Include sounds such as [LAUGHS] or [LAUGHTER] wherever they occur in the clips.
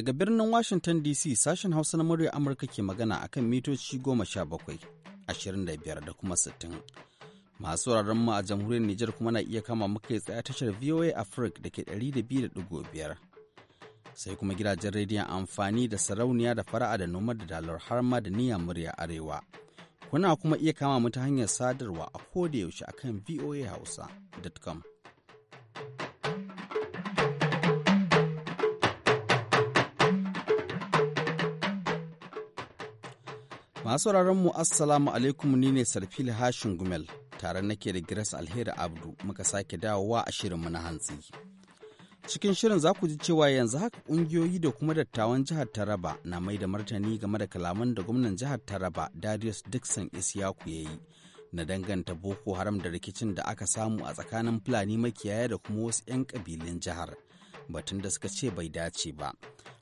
Daga birnin Washington DC sashen Hausa na murya Amurka ke magana a kan mitoci goma sha bakwai, ashirin da kuma 60 Masu wuraren mu a jamhuriyar Nijar kuma na iya kama muka tsaye tashar VOA Africa da ke ɗari Sai kuma gidajen rediyon amfani da sarauniya da fara'a da noma da dalar har ma da niyya murya arewa. Kuna kuma iya kama mu ta hanyar sadarwa a yaushe akan hausa.com. Masu mu Assalamu alaikum ni ne Sarfil Hashin Gumel tare nake da Grace Alheri Abdu muka sake dawowa a shirinmu na hantsi. Cikin shirin za ku ji cewa yanzu haka ƙungiyoyi da kuma dattawan jihar Taraba na mai da martani game da kalaman da gwamnan jihar Taraba Darius Dixon Isyaku, ya yi na danganta Boko Haram da rikicin da aka samu a tsakanin Fulani makiyaya da kuma wasu 'yan ƙabilun jihar. batun da suka ce bai dace ba.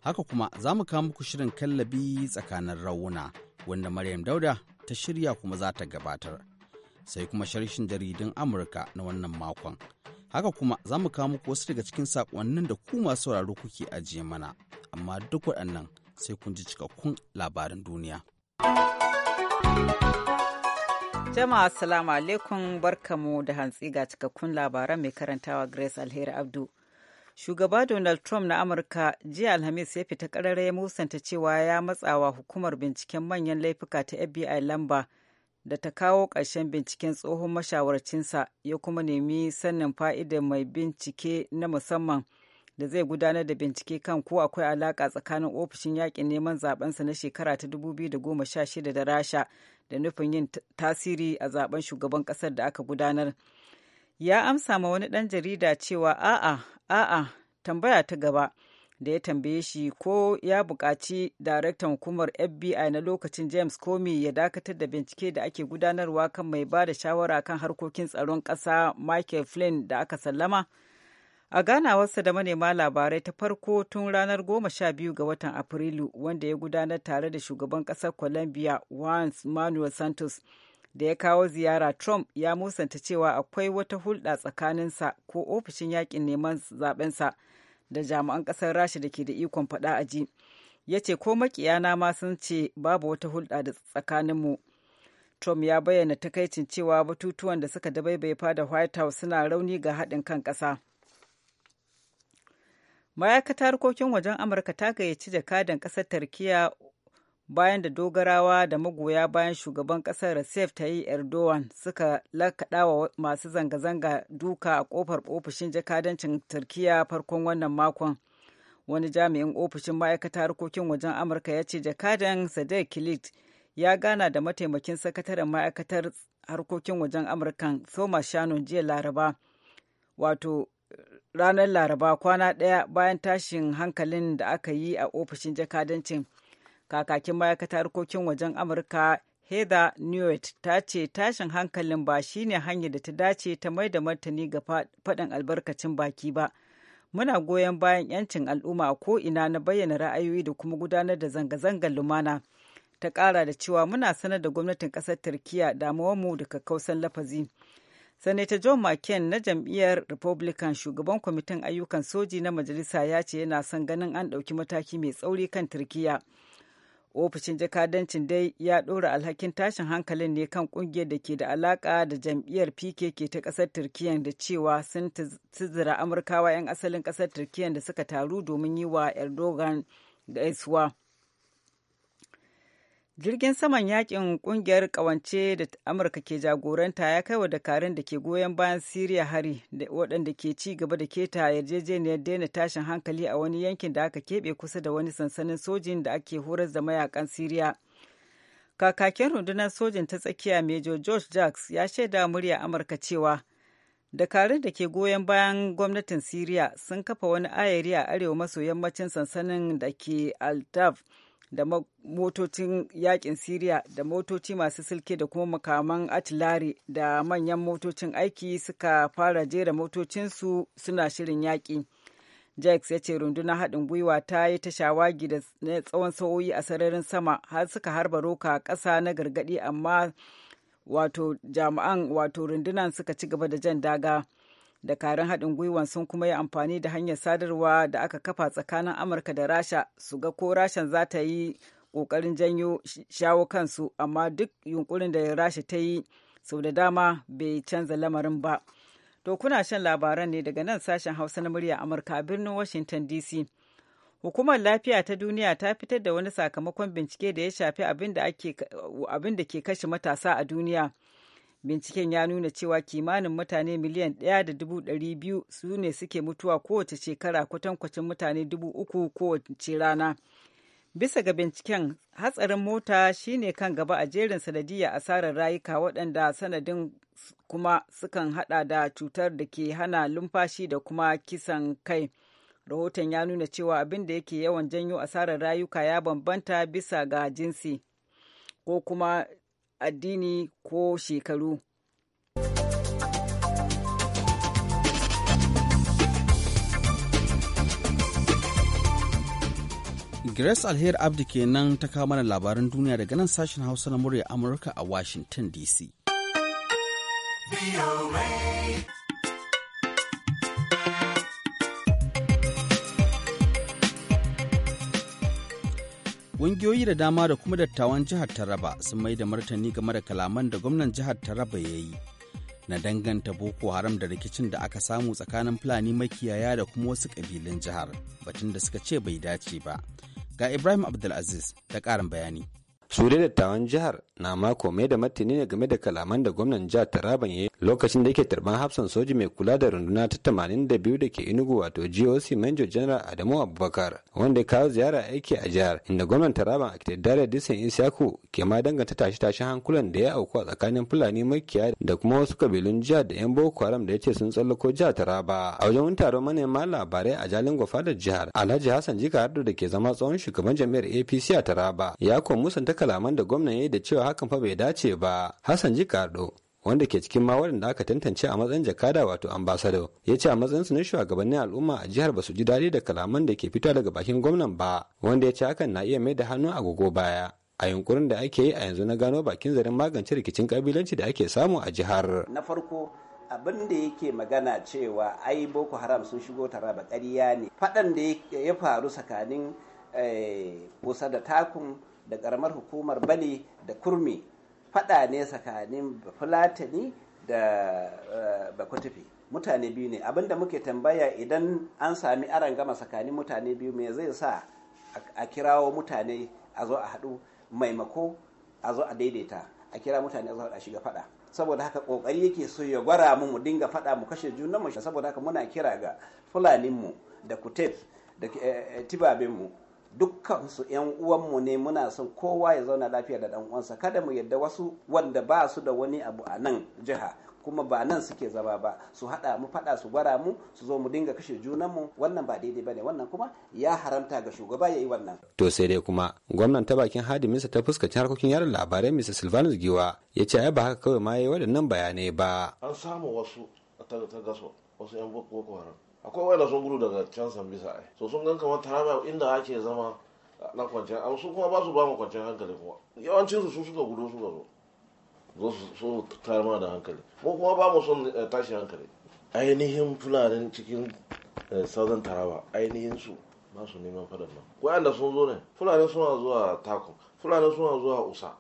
Haka kuma za mu kawo muku shirin kallabi tsakanin rawuna. wanda Maryam Dauda ta shirya kuma za ta gabatar. Sai kuma sharshin jaridun Amurka na wannan makon. Haka kuma za mu kawo muku wasu daga cikin saƙonnin da ku masu sauraro kuke ajiye mana, amma duk waɗannan sai kun ji cikakkun labaran duniya. Jama'a Assalamu alaikum barkamu da hantsi ga cikakkun labaran mai karantawa Grace Alheri Abdu. shugaba donald trump na amurka jiya alhamis ya fita karara ya musanta cewa ya matsawa hukumar binciken manyan laifuka ta fbi lamba da ta kawo karshen binciken tsohon mashawarcinsa ya kuma nemi sannin fa'idar mai bincike na musamman da zai gudanar da bincike kan ko akwai alaƙa tsakanin ofishin yakin neman zabensa na shekara ta 2016 da rasha da nufin yin tasiri a zaben shugaban ƙasar da aka gudanar ya amsa ma wani ɗan jarida cewa a'a a'a tambaya ta gaba da ya tambaye shi ko ya buƙaci daraktan hukumar fbi na lokacin james comey ya dakatar da bincike da ake gudanarwa kan mai ba da shawara kan harkokin tsaron ƙasa michael flynn da aka sallama a ganawarsa da manema labarai ta farko tun ranar 12 ga watan afrilu wanda ya gudanar tare da shugaban ƙasar colombia juan manuel santos da ya kawo ziyara trump ya musanta cewa akwai wata hulɗa tsakaninsa ko ofishin yakin neman zabensa da jami'an ƙasar rasha da ke da ikon faɗa a ji ya ce ko makiyana ma sun ce babu wata hulɗa da tsakaninmu trump ya bayyana takaicin cewa batutuwan da suka dabaibaye fada white house suna rauni ga haɗin kan ƙasa ma'aikatar harkokin wajen amurka ta gayyaci jakadan ƙasar turkiyya. bayan da dogarawa da magoya bayan shugaban ƙasar Recep Tayyip Erdogan suka lakaɗawa masu zanga-zanga duka a kofar ofishin jakadancin turkiya farkon wannan makon. Wani jami'in ofishin ma'aikata harkokin wajen Amurka ya ce jakadan Sadek Kilit ya gana da mataimakin sakataren ma'aikatar harkokin wajen amurka Soma Shannon jiya Laraba. Wato ranar Laraba kwana ɗaya bayan tashin hankalin da aka yi a ofishin jakadancin. kakakin ma'aikata harkokin wajen amurka heather newt ta ce tashin hankalin ba shine hanyar da ta dace ta mai da martani ga faɗin albarkacin baki ba muna goyon bayan 'yancin al'umma a ko'ina na bayyana ra'ayoyi da kuma gudanar da zanga-zangar lumana ta ƙara da cewa muna sanar da gwamnatin ƙasar turkiya damuwarmu da kakkausan lafazi sanata john mccain na jam'iyyar republican shugaban kwamitin ayyukan soji na majalisa ya ce yana son ganin an ɗauki mataki mai tsauri kan turkiya ofishin jakadancin dai ya ɗora alhakin tashin hankalin ne kan ƙungiyar da ke da alaƙa da jam'iyyar pkk ta ƙasar turkiyya da cewa sun tuzura amurkawa 'yan asalin ƙasar turkiyya da suka taru domin yi wa erdogan gaisuwa jirgin saman yakin kungiyar kawance da amurka ke jagoranta ya kai wa dakarun da ke goyon bayan siriya hari da waɗanda ke ci gaba da keta yarjejeniyar daina tashin hankali a wani yankin da aka keɓe kusa da wani sansanin sojin da ake horar da mayakan siriya kakakin rundunar sojin ta tsakiya major george jacks ya shaida murya amurka cewa dakarun da ke goyon bayan gwamnatin siriya sun kafa wani ayari a arewa maso yammacin sansanin da ke altaf da motocin yakin Siriya da motoci masu silke da kuma makaman atilari da manyan motocin aiki suka fara jera motocinsu suna shirin yaƙi. jakes ya ce runduna haɗin gwiwa ta yi ta shawagi da tsawon sa'o'i a sararin sama har suka harba roka ƙasa na gargaɗi amma wato jami'an wato rundunar suka ci gaba da jan daga dakarun haɗin gwiwan sun kuma yi amfani da hanyar sadarwa da aka kafa tsakanin amurka da rasha su ga ko rashan za ta yi ƙoƙarin janyo shawo kansu amma duk yunkurin da rasha ta yi sau da dama bai canza lamarin ba to kuna shan labaran ne daga nan sashen hausa na murya amurka a birnin washington dc hukumar lafiya ta duniya ta fitar da wani sakamakon bincike da ya shafi abin da ke kashe matasa a duniya binciken ya nuna cewa kimanin mutane miliyan ɗaya da dubu biyu su ne suke mutuwa kowace shekara kwatankwacin mutane dubu uku kowace rana bisa ga binciken hatsarin mota shine kan gaba a jerin sanadiyya asarar rayuka waɗanda sanadin kuma sukan hada da cutar da ke hana lumfashi da kuma kisan kai rahoton ya nuna cewa abin da yake yawan janyo asarar rayuka ya bambanta bisa ga jinsi ko kuma addini ko shekaru. Grace Alher Abdi kenan ta kawo mana labaran duniya daga nan sashen Hausa na murya Amurka a Washington DC. Ƙungiyoyi da dama da kuma dattawan jihar Taraba sun mai da martani game da kalaman da gwamnan jihar Taraba ya yi na danganta Boko Haram da rikicin da aka samu tsakanin Fulani makiyaya da kuma wasu ƙabilun jihar, batun da suka ce bai dace ba. Ga Ibrahim Abdulaziz ta ƙarin bayani. su dai dattawan jihar na mako mai da martani ne game da kalaman da gwamnan jihar taraban ya yi. lokacin da yake tarban hafsan soji mai kula da runduna ta tamanin da biyu da ke inugu wato goc manjo general adamu abubakar wanda ya kawo ziyara aiki a jihar inda gwamnan taraban akitadare disan isyaku ke ma danganta tashe tashen hankulan da ya auku a tsakanin fulani makiya da kuma wasu kabilun jihar da yan boko haram da ya ce sun tsallako jihar taraba a wajen wani taron manema labarai a jalin gwafadar jihar alhaji hassan jika hardo da ke zama tsohon shugaban jami'ar apc a taraba ya ko musanta kalaman da gwamnan ya yi da cewa hakan fa bai dace ba hassan jika hardo wanda ke cikin ma da aka tantance a matsayin jakada wato ambasado ya ce a matsayinsu na shugabannin al'umma a jihar ba su ji daɗi da kalaman da ke fita daga bakin gwamnan ba wanda ya ce hakan na iya mai da hannu agogo baya a yunkurin da ake yi a yanzu na gano bakin zarin magance rikicin kabilanci da ake samu a jihar na farko abin da yake magana cewa ai boko haram sun shigo taraba ƙarya ne faɗan da ya faru tsakanin kusa eh, da takun da ƙaramar hukumar bali da kurmi fada ne tsakanin fulatani da eh, bakwatufi mutane biyu ne abinda muke tambaya idan an sami aran gama tsakanin mutane biyu me zai sa a kirawo mutane a zo a haɗu maimako a zo a daidaita a kira mutane a zo a shiga fada saboda haka kokari yake so ya gwara mu mu dinga fada mu kashe junan mu saboda haka muna kira ga fulanin mu da kutet da eh, tibabin mu dukkansu yan uwanmu ne muna son kowa ya zauna lafiya da dan uwansa kada mu yadda wasu wanda ba su da wani abu a nan jiha kuma ba nan suke zama ba su hada mu fada su gwara mu su zo mu dinga kashe junanmu wannan ba daidai bane wannan kuma ya haramta ga shugaba ya yi wannan to sai dai kuma gwamnan ta bakin hadiminsa ta fuskacin harkokin yaran labarai Mr. Silvanus Giwa ya ce ai ba haka kawai ma yayi waɗannan bayanai ba an samu wasu ta gaso wasu yan boko haram akwai wanda sun gudu daga can bisa ai so sun gan kamar taraba inda ake zama na kwanciyar amma su kuma ba su ba mu kwanciyar hankali kuma yawancin su suka gudu suka zo zo su tayar da hankali mu kuma ba mu son eh, tashi hankali ainihin fulanin cikin eh, southern taraba ainihin su ba su neman fadar nan wayanda sun zo ne fulani suna zuwa takun fulani suna zuwa usa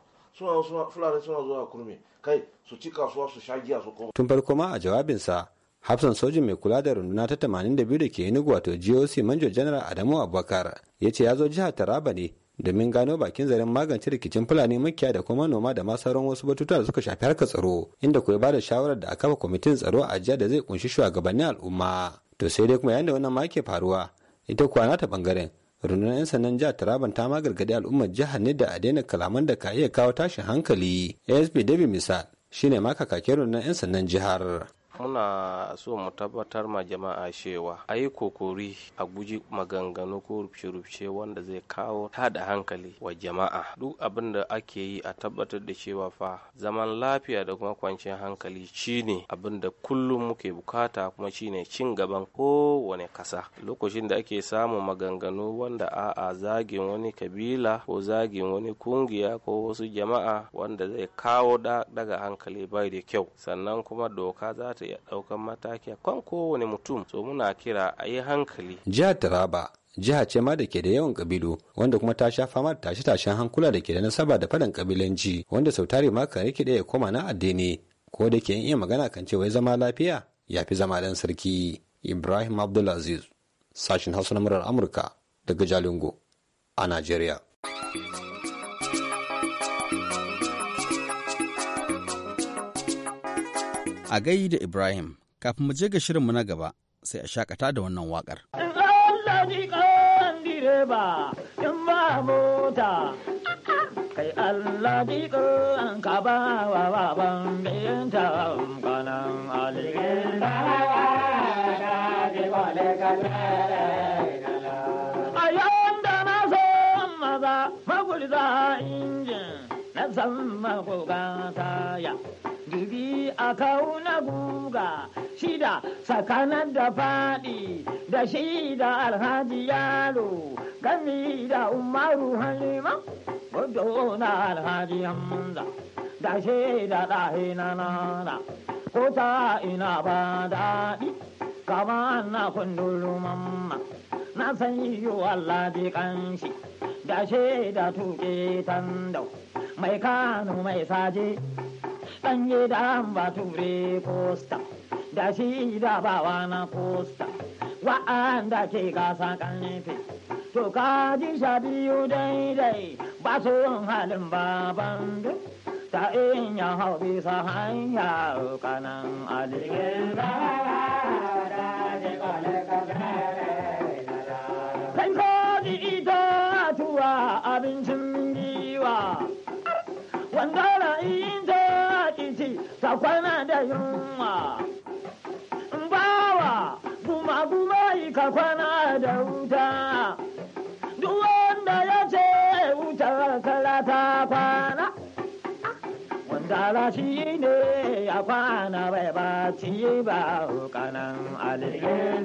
fulani suna zuwa kurmi kai su ci kasuwa su sha giya su koma tun farko ma a jawabinsa hafsan sojin mai kula da runduna ta 82 da ke enugu wato goc manjo general adamu abubakar ya ce ya zo jihar taraba ne domin gano bakin zaren magance rikicin fulani makiya da kuma noma da masarar sauran wasu batutuwa da suka shafi harkar tsaro inda kuwa ba da shawarar da a kafa kwamitin tsaro a jiya da zai kunshi shugabannin al'umma to sai dai kuma yanda da wannan ma faruwa ita kuwa ta bangaren rundunar 'yan sannan jihar taraban ta magargadi al'ummar jihar ne da a daina kalaman da ka iya kawo tashin hankali asp david misal shine ma kakakin rundunar 'yan sannan jihar muna so mu tabbatar ma jama'a cewa a yi kokori a guji maganganu ko rubuce-rubuce wanda zai kawo tada hankali wa jama'a duk abin da ake yi a tabbatar da cewa fa zaman lafiya da kuma kwanciyar hankali shine abin da kullum muke bukata kuma shine cin gaban kowane kasa lokacin da ake samun maganganu wanda a'a zagin wani kabila ko zagin wani kungiya ko wasu jama'a wanda zai kawo daga hankali bai da kyau sannan kuma doka za ta ya ɗaukan mataki kan kowane mutum so muna kira a yi hankali jihar taraba jiha ce ma da ke da yawan kabilu wanda kuma ta sha fama da tashe-tashen hankula da ke da nasaba da faɗan kabilanci wanda sau tare ma kan rikide ya koma na addini ko da ke iya magana kan cewa ya zama lafiya ya fi zama dan sarki ibrahim abdulaziz sashen hausa na murar amurka daga jalingo a najeriya A gai da Ibrahim, kafin mu je ga shirinmu na gaba sai a shakata da wannan waƙar. Kai Allah ji an ka ba ta na ji kwale A na maza injin zama goga ya jibi a kauna guga shida tsakanin da faɗi da shida alhaji yalo gami da umaru halima gudu na alhaji hamza da shida da na nana ko ta ina ba daɗi kama na kundulu mamma na san yi alladi wa Allah da kanshi da shida tuke tandau mai kanu mai saje yi da bature posta da shi da bawa na kosta wa'anda ke gasa ƙarfe to ka ji sha biyu daidai ba su halin baban duk ta ya hau bisa hanya kanan aligin Kan ita tuwa abincin kwandala in ta ta kwana da yunwa bawa guma guma yi ka kwana da wuta duk wanda ya ce wuta kala ta kwana shi ne ya kwana bai ba ci ba kanan alilin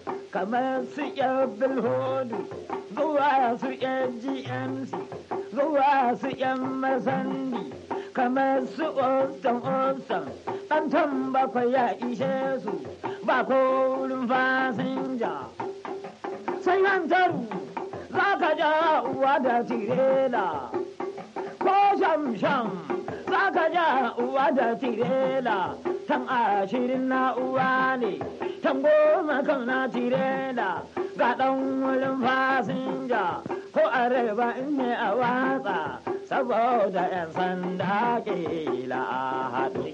kamar su yan bilhodu zuwa su yan gmc zuwa su yan masandi kamar su ostan ostan ɗantan bakwai ya ishe su ba korin fasinja sai hantaru za ka ja uwa da tirela ko sham sham za ja uwa da tirela tan ashirin na uwa ne tan goma kan na tirela ga dan wurin fasinja ko araba in ne a watsa saboda 'yan sanda kila a hadu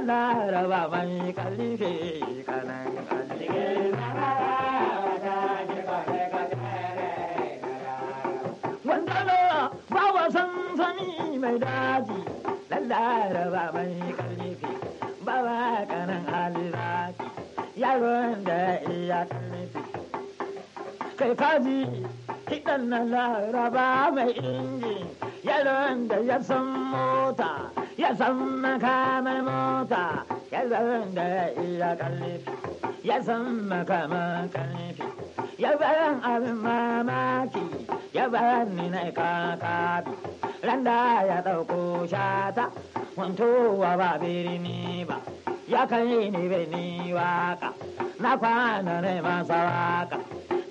na laraba mai kalife kanan kalife sami mai daji lallara laraba mai karnifi ba ba kanan halittaki yaron da iya karnifi kai kaji kiɗan na laraba mai inji yaron da ya san mota ya san makamar mota yaron da iya karnifi ya san makamar karnifi yabaran abin mamaki ya ni na kakabi landa ya dauko shata wanto wa ba birni ba ya kai ni birni waka na kwana ne masa waka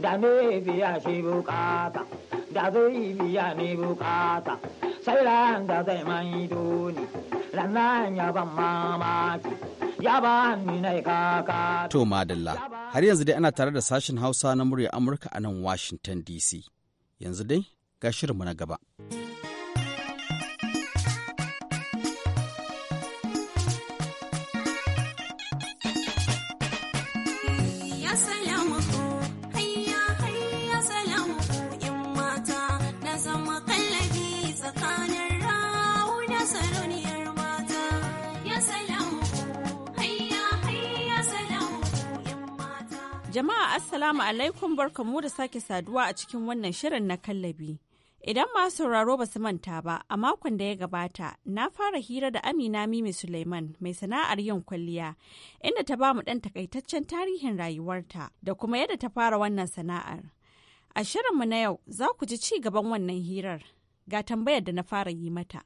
da ne biya shi bukata da zai biya ne bukata sai ran da zai mai doni ranan ya ban mamaki ya To madalla, har yanzu dai ana tare da sashen Hausa na murya Amurka a nan Washington DC. Yanzu dai ga shirinmu na gaba. Jama'a Assalamu alaikum barkamu da sake saduwa a cikin wannan shirin na kallabi. Idan masu sauraro ba su manta ba, a makon da ya gabata, na fara hira da Amina Mimi Suleiman mai sana'ar yin kwalliya, inda ta ba mu ɗan takaitaccen tarihin rayuwarta da kuma yadda ta fara wannan sana'ar. A shirin mu na yau za ku ji ci gaban wannan hirar, ga tambayar da na fara yi mata.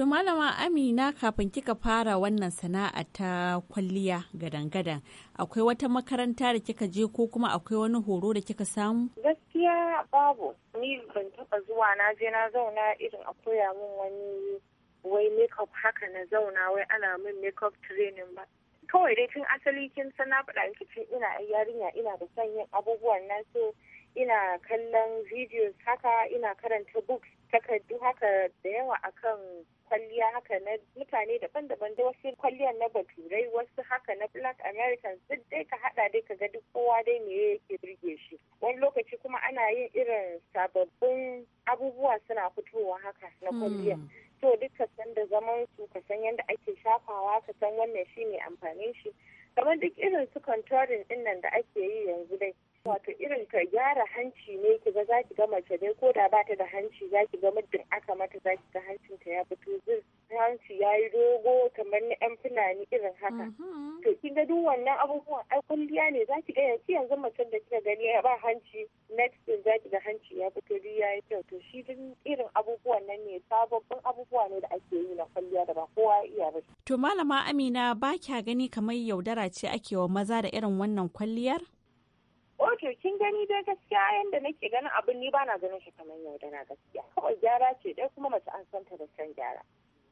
To Malama Amina kafin kika fara wannan sana'a ta kwalliya gadan-gadan akwai wata makaranta da kika je ko kuma akwai wani horo da kika samu? Gaskiya babu ni ban taɓa zuwa na je na zauna irin a koya min wani wai makeup haka na zauna wai ana min makeup training ba. Kawai dai tun asali kin san na faɗa miki ina yarinya ina da son yin abubuwan nan so ina kallon videos haka ina karanta books takardu haka da yawa akan kwalliya haka na mutane daban-daban da wasu kwalliyar na baturai wasu haka na black americans duk dai ka hada dai ka ga duk kowa dai me yake birge shi wani lokaci kuma ana yin irin sababbin abubuwa suna fitowa haka na hmm. kwalliya to duk ka san da zaman su ka san yadda ake shafawa ka san wannan shi ne amfanin shi kamar duk irin su contouring din da ake yi yanzu dai wato irin ta gyara hanci ne ki ga zaki ga mace ne ko da bata da hanci zaki ga muddin aka mata zaki ga hancin ta ya fito zin hanci ya yi dogo kamar na yan fulani irin haka mm-hmm. to kin ga duk wannan abubuwan ai kulliya ne zaki ga yanzu yanzu mace da kika gani ya ba hanci next din zaki ga hanci ya fito duk ya yi kyau to shi din irin abubuwan nan ne sababbin abubuwa ne da ake yi na kulliya da ba kowa ya iya ba to malama Amina ba kya gani kamar yaudara ce ake wa maza da irin wannan kwalliyar Oke, kin gani dai gaskiya yanda nake ganin abin ni bana ganin shi kamar yau dana gaskiya. Kawai gyara ce dai kuma mace an santa da san gyara.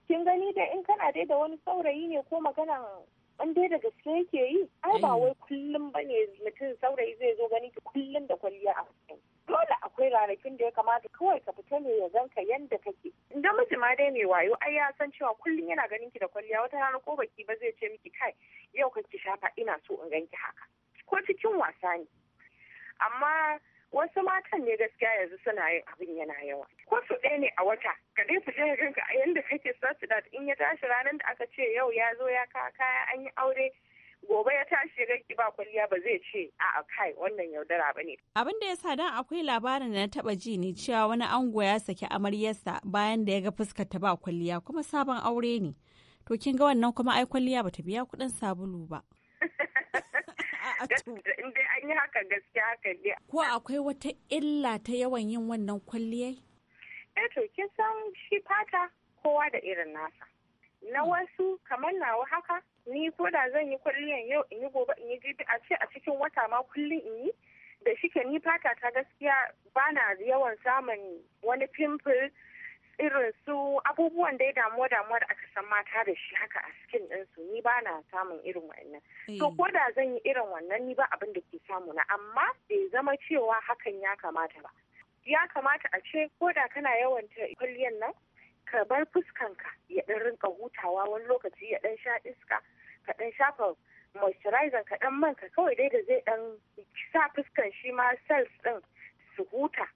Kin gani dai in kana dai da wani saurayi ne ko magana in dai da gaske yake yi ai ba eh. wai kullum ba ne mutum saurayi zai zo gani ki kullum da kwalliya a cikin dole akwai ranakin da ya kamata kawai ka fita ne ya ganka yanda kake idan miji ma dai mai wayo ai ya san cewa kullum yana ganin ki da kwalliya wata rana ko baki ba zai ce miki kai yau ka ki shafa ina so in ganki haka ko cikin wasa ne amma wasu matan ne gaskiya yanzu suna yin abin yana yawa ko su ɗaya ne a wata ka dai fita ya ganka a yanda kake da in ya tashi ranar da aka ce yau ya zo ya kawo kaya an yi aure gobe ya tashi ga ba kwalliya ba zai ce a kai wannan yaudara ba ne. Abin da ya sa dan akwai labarin da na taba ji ne cewa wani ango ya saki amaryarsa bayan da ya ga fuskar ta ba kwalliya kuma sabon aure ne. To kin ga wannan kuma ai kwalliya ba ta biya kuɗin sabulu ba. in dai an yi haka gaskiya haka dai ko akwai wata illa ta yawan yin wannan kwalliyai eh to kin san shi fata kowa da irin nasa na hmm. wasu kamar nawa haka ni ko da zan yi kwalliyan yau in yi gobe in yi jibi a ce a cikin wata ma kullum in yi da shike ni fata ta gaskiya bana yawan samun wani pimple irin su abubuwan dai damuwa damuwa da aka san mata da shi haka a skin ɗinsu ni ba na samun irin wannan to eh. ko da zan yi irin wannan ni ba abin da ke samu na amma bai zama cewa hakan ya kamata ba ya kamata a ce ko da kana yawan ta kwalliyan nan ka bar ka ya ɗan rinka hutawa wani lokaci ya dan sha iska ka ɗan shafa moisturizer ka ɗan manka kawai dai da zai ɗan sa fuskan shi ma cells ɗin su huta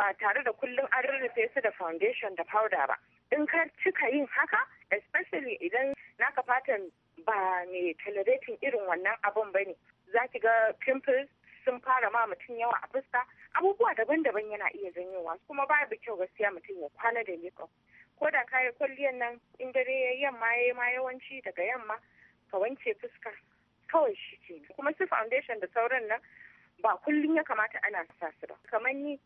ba tare da kullum an rarrafe su da foundation da powder ba in ka cika yin haka especially idan naka fatan ba mai tolerating irin wannan abun ba ne za ki ga pimples sun fara ma mutum yawa a fuska abubuwa daban-daban yana iya janyowa kuma ba da kyau gaskiya mutum ya kwana da makeup ko da kayi kwalliyan nan in dare ya yamma ya ma yawanci daga yamma ka wanke fuska kawai shi ke kuma su foundation da sauran nan ba kullum ya kamata ana sa su ba kamar ni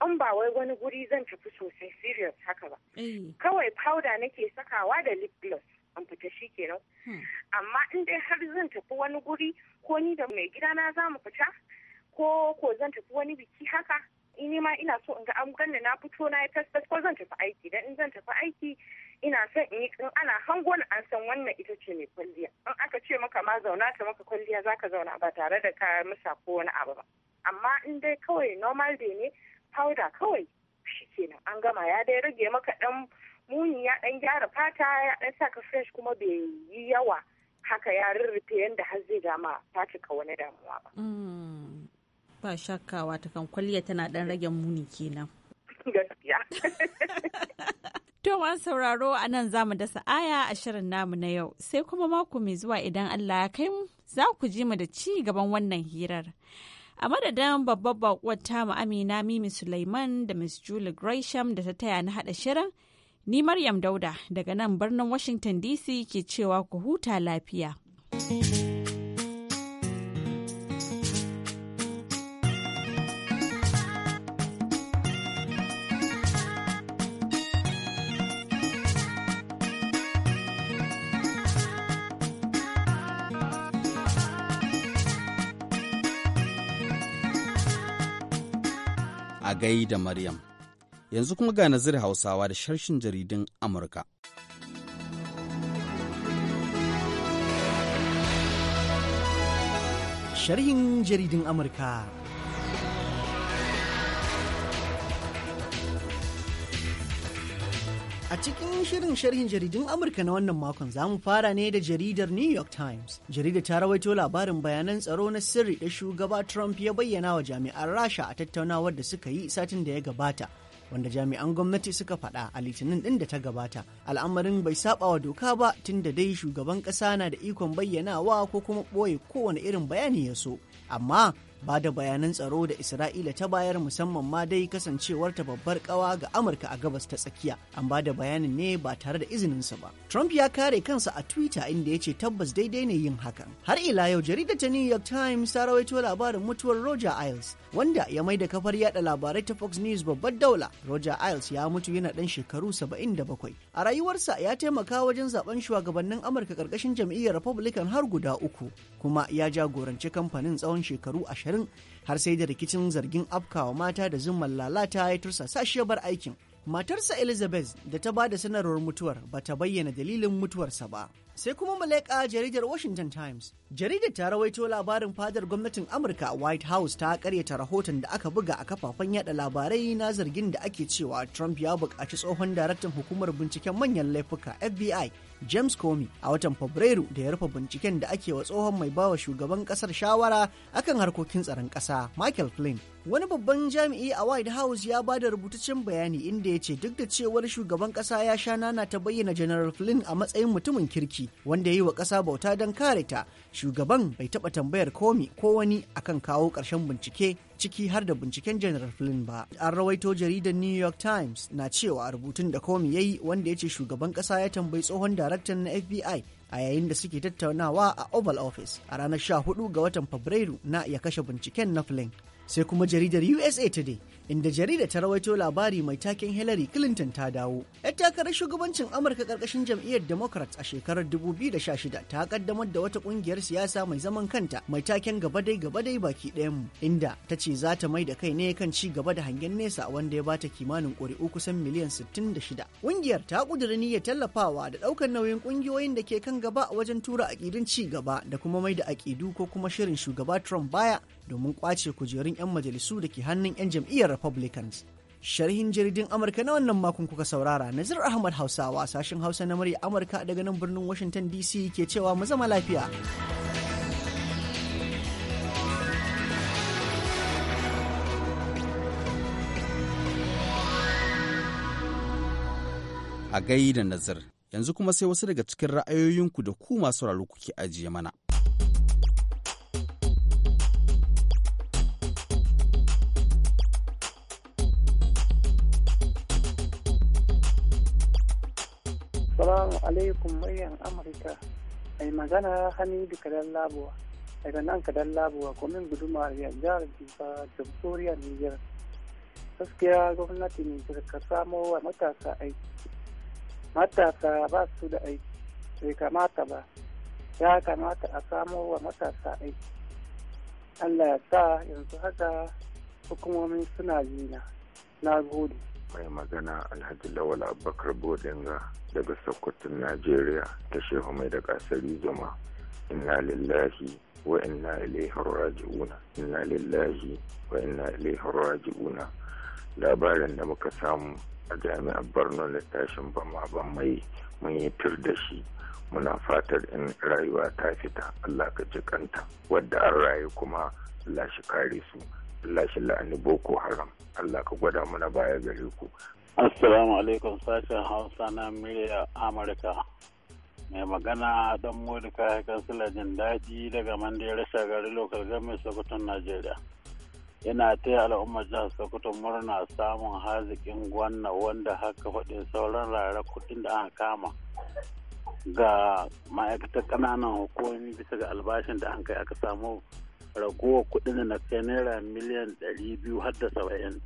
an ba wai wani guri zan tafi sosai serious haka ba eh. kawai powder nake sakawa da lip gloss an fita shi kenan hmm. amma in dai har zan tafi wani guri ko ni da mai na za mu fita ko ko zan tafi wani biki haka ni ma ina so in ga an na fito na ya tasbas ko zan tafi aiki dan in zan tafi aiki ina son in yi in ana hango ni an san wannan ita ce mai kwalliya in aka ce maka ma zauna ta maka kwalliya zaka zauna ba tare da ka musa ko wani abu ba amma in dai kawai normal day ne fauda kawai shi kenan an gama ya dai rage maka dan muni ya dan gyara fata ya dan saka fresh kuma bai yi yawa haka ya rurrufe yadda har zai gama fata ka wani damuwa ba. Mm. Ba shakka wata kan kwalliya tana dan rage muni kenan. [LAUGHS] Gaskiya. [LAUGHS] Tomar sauraro a nan za mu dasa aya a shirin namu na yau sai kuma mako mai zuwa idan Allah ya kai mu za ku ji mu da ci gaban wannan hirar. A madadin babbar bakuwar ta Amina Mimi Suleiman da Miss Julie Gresham da ta taya na haɗa shirin, ni Maryam Dauda daga nan birnin Washington DC ke cewa ku huta lafiya. a gai da Maryam. Yanzu kuma ga nazir Hausawa da sharshin jaridun Amurka. Sharhin jaridun Amurka. A cikin shirin sharhin jaridun Amurka na wannan makon za mu fara ne da jaridar New York Times. Jaridar ta rawaito labarin bayanan tsaro na sirri da shugaba Trump ya bayyana wa jami'an Rasha a tattaunawar da suka yi satin da ya gabata. Wanda jami'an gwamnati suka faɗa a litinin ɗin da ta gabata. Al'amarin bai saba wa doka ba tun da dai shugaban ƙasa na da ikon bayyanawa ko kuma ɓoye kowane irin bayani ya so. Amma ba da bayanan tsaro da isra'ila ta bayar musamman ma dai kasancewarta babbar kawa ga amurka a gabas ta tsakiya an ba da bayanin ne ba tare da izininsa ba trump ya kare kansa a twitter inda ya ce tabbas daidai ne yin hakan har ila yau jaridar ta new york times ta rawaito labarin mutuwar roger iles wanda ya mai da kafar yada labarai ta fox news babbar daula roger iles ya mutu yana dan shekaru 77 a rayuwarsa ya taimaka wajen zaben shugabannin amurka karkashin jam'iyyar republican har guda uku kuma ya jagoranci kamfanin tsawon shekaru 20 ashirin har sai da rikicin zargin afkawa mata da zumar lalata ya tursa shi bar aikin. Matarsa Elizabeth da ta ba da sanarwar mutuwar ba ta bayyana dalilin mutuwarsa ba. Sai kuma malaika jaridar Washington Times. Jaridar ta rawaito labarin fadar gwamnatin Amurka White House ta karyata rahoton da aka buga a kafafen yada labarai na zargin da ake cewa Trump ya buƙaci tsohon daraktan hukumar binciken manyan laifuka FBI James Comey a watan Fabrairu da ya rufe binciken da ake wa tsohon mai bawa shugaban kasar shawara akan harkokin tsaron ƙasa Michael Flynn wani babban jami'i a white house ya ba da rubutaccen bayani inda ya ce duk da cewar shugaban kasa ya sha nana ta bayyana general flynn a matsayin mutumin kirki wanda ya yi wa kasa bauta don kare ta shugaban bai taba tambayar komi ko wani akan kawo ƙarshen bincike ciki har da binciken general flynn ba an rawaito jaridar new york times na cewa rubutun da komi ya yi wanda ya ce shugaban kasa ya tambayi tsohon daraktan na fbi a yayin da suke tattaunawa a oval office a ranar 14 ga watan fabrairu na ya kashe binciken na flynn sai kuma jaridar usa today inda jarida ta rawaito labari mai taken Hillary Clinton ta dawo. 'Yar takarar shugabancin Amurka karkashin jam'iyyar Democrats a shekarar 2016 ta kaddamar da wata kungiyar siyasa mai zaman kanta mai taken gaba gabadai dai baki ɗayan mu inda ta ce za ta mai da kai ne kan ci gaba da hangen nesa wanda ya bata kimanin ƙuri'u kusan miliyan 66. Kungiyar ta ƙudiri niyyar tallafawa da ɗaukar nauyin ƙungiyoyin da ke kan gaba a wajen tura aƙidun ci gaba da kuma mai da aƙidu ko kuma shirin shugaba Trump baya domin ƙwace kujerun 'yan majalisu da ke hannun 'yan jam'iyyar republicans sharhin jaridin amurka na wannan makon kuka saurara nazir ahmad hausawa sashen hausa na murya amurka daga nan birnin washington dc ke cewa mu zama lafiya a gaida nazir yanzu kuma sai wasu daga cikin ra'ayoyinku da ku masu kuke ajiye mana alaikum muryar Amurka. Mai magana Hamidu Kadan Labuwa. Daga nan Kadan Labuwa, kwamin guduma a jihar Jifa, Jamhuriyar Nijar. Gaskiya gwamnati Nijar ka samo wa matasa aiki. Matasa ba su da aiki, bai kamata ba. Ya kamata a samo wa matasa aiki. Allah ya sa yanzu haka hukumomi suna yi Na gode. mai magana alhaji lawal abubakar bodinga daga sokoto najeriya ta shehu mai da kasari zuma inna lillahi wa inna ilaihi raji'una inna lillahi wa inna ilaihi raji'una labarin da muka samu a jami'ar borno da tashin bama ban mai mun yi tur da shi muna fatar in rayuwa ta fita allah ka ci kanta wadda an rayu kuma allah shi kare su Allah shi la'ani boko haram Allah ka gwada mana baya gare ku assalamu alaikum sashen hausa na miliyar amurka mai magana don modika ya kansila jin daji daga mandiyar gari lokal game sokoton najeriya yana taya al'ummar jihar sokoto murna samun hazikin gwanna wanda haka faɗi sauran rara kuɗin da aka kama ga ma'aikatar ƙananan hukumomi bisa ga albashin da an kai aka samu raguwar kuɗin da na kai naira miliyan ɗari biyu har da saba'in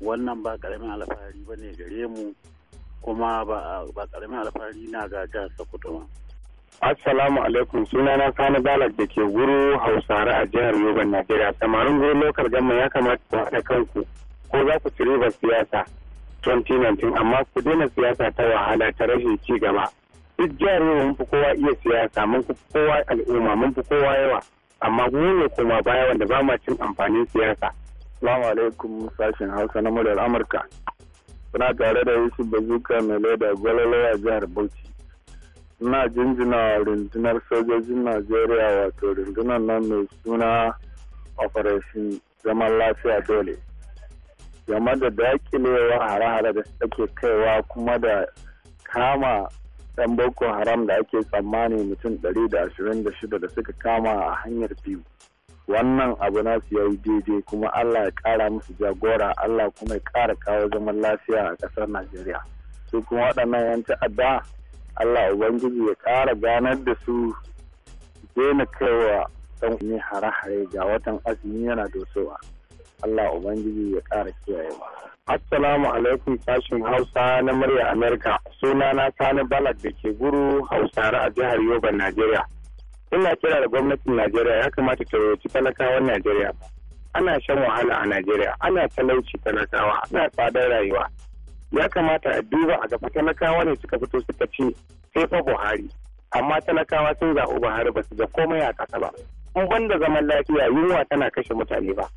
wannan ba karamin alfahari ba ne gare mu kuma ba ƙaramin alfahari na ga jihar Sokoto ba. Assalamu alaikum suna na Sani dalar da ke guru Hausare a jihar yoruba Najeriya. Samarin guru lokar gama ya kamata ku haɗa kanku ko za ku ci ribar siyasa 2019 amma ku daina siyasa ta wahala ta rashin cigaba Duk jihar Yobe mun fi kowa iya siyasa mun fi kowa al'umma mun fi kowa yawa. amma mu kuma baya wanda ba ma cin amfanin siyasa. Salamu alaikum sashen Hausa na muryar Amurka. Suna tare da Yusuf Bazuka mai leda gwalalo a jihar Bauchi. Ina jinjina rundunar sojojin Najeriya wato rundunar nan mai suna Operation Zaman Lafiya Dole. Game da dakilewa hare-hare da ake kaiwa kuma da kama 'yan boko haram da ake tsammani mutum 126 da suka kama a hanyar biyu wannan abu na su yayi daidai kuma allah ya kara musu jagora allah kuma ya kara kawo zaman lafiya a kasar najeriya su kuma waɗannan yan ta'adda allah ubangiji ya kara ganar da su daina kaiwa ɗan hare-hare ga watan azumi yana dosowa. Allah Ubangiji ya ƙara kiyaye mu. Assalamu alaikum Sashen Hausa na murya Amerika. suna na Sani Balak da ke guru Hausare a jihar Yoban, Najeriya. Ina kira da gwamnatin Najeriya ya kamata ta roci talakawan Najeriya. Ana shan wahala a Najeriya, ana talauci talakawa, ana tsadar rayuwa. Ya kamata a duba a gaba talakawa ne suka fito suka ci sai fa Buhari. Amma talakawa sun zaɓi Buhari ba su ga komai a ƙasa ba. Mun banda zaman lafiya yunwa tana kashe mutane ba.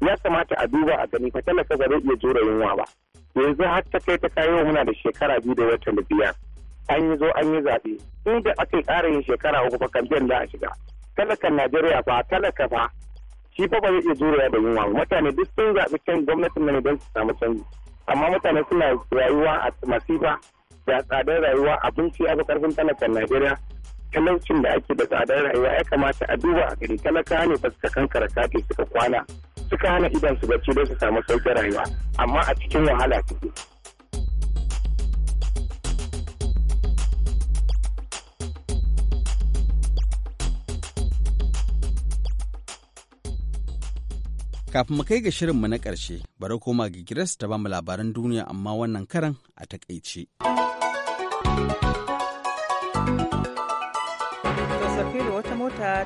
ya kamata a duba a gani fa talaka ba zai iya jura yunwa ba yanzu har ta kai ta kayo muna da shekara biyu da wata da biyar an yi zo an yi zaɓe inda aka yi ƙara yin shekara uku fa kamfen da a shiga talakan najeriya fa talaka fa shi fa ba zai iya jura da yunwa ba mutane duk sun zaɓi can gwamnatin nan don su samu canji amma mutane suna rayuwa a masifa da tsadar rayuwa abinci a karfin talakan najeriya talaucin da ake da tsadar rayuwa ya kamata a duba a gani talaka ne ba suka kankara kati suka kwana su kana idan su bacci don su samu sauƙin rayuwa amma a cikin wahala suke Kafin mu kai ga shirin mu na ƙarshe, bari koma ga Giras ta mu labaran duniya amma wannan karan a taƙaice.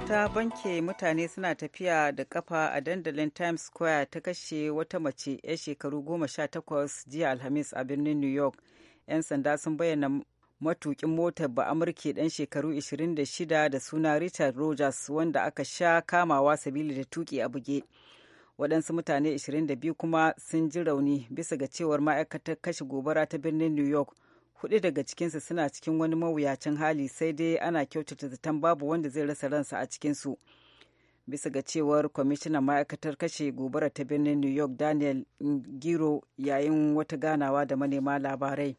ta banke mutane suna tafiya da kafa a dandalin times square ta kashe wata mace 'yan shekaru goma sha 18 jiya alhamis a birnin new york 'yan sanda sun bayyana matukin motar ba amurke dan shekaru 26 da suna richard rogers wanda aka sha kamawa sabili da tuki a buge waɗansu mutane 22 kuma sun ji rauni bisa ga cewar ma'aikatar kashe gobara ta birnin new york Kuɗi daga cikinsu suna cikin wani mawuyacin hali sai dai ana kyautata zaton babu wanda zai rasa ransa a cikinsu bisa ga cewar kwamishinan ma'aikatar kashe gobara ta birnin new york daniel giro yayin wata ganawa da manema labarai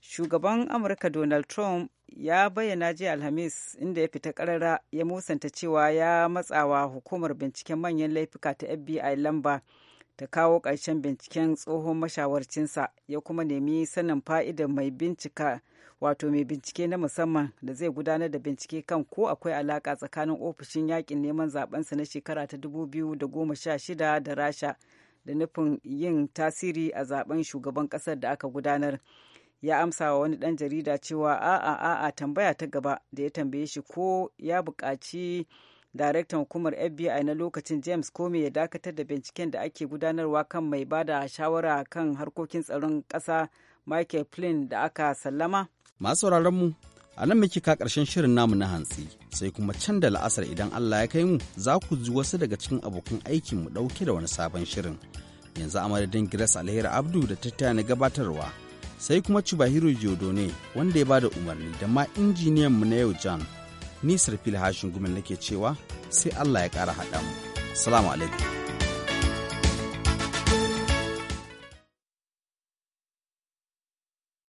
shugaban amurka donald trump ya bayyana jiya alhamis inda ya fita karara ya musanta cewa ya matsawa hukumar binciken manyan laifuka ta fbi lamba ta kawo ƙarshen binciken tsohon mashawarcinsa ya kuma nemi sanin fa'idar mai bincika wato mai bincike na musamman da zai gudanar da bincike kan ko akwai alaka tsakanin ofishin yakin neman zabensa na shekara ta 2016 da rasha da nufin yin tasiri a zaben shugaban ƙasar da aka gudanar ya amsa wa wani dan jarida cewa a'a a'a tambaya ta gaba da ya tambaye shi ko ya buƙaci daraktan hukumar fbi na lokacin james comey ya dakatar da binciken da ake gudanarwa kan mai bada shawara kan harkokin tsaron kasa michael flynn da aka sallama masu mu a nan muke ka ƙarshen shirin namu na hantsi sai kuma can da la'asar idan allah ya kai mu za ku ji wasu daga cikin abokan aikin mu ɗauke da wani sabon shirin yanzu a madadin grace alheri abdu da ta na gabatarwa sai kuma chubahiro ne wanda ya bada umarni da ma injiniyan mu na yau jan. nisar fili hashin gumin nake cewa sai allah ya ƙara haɗa mu salamu alaikum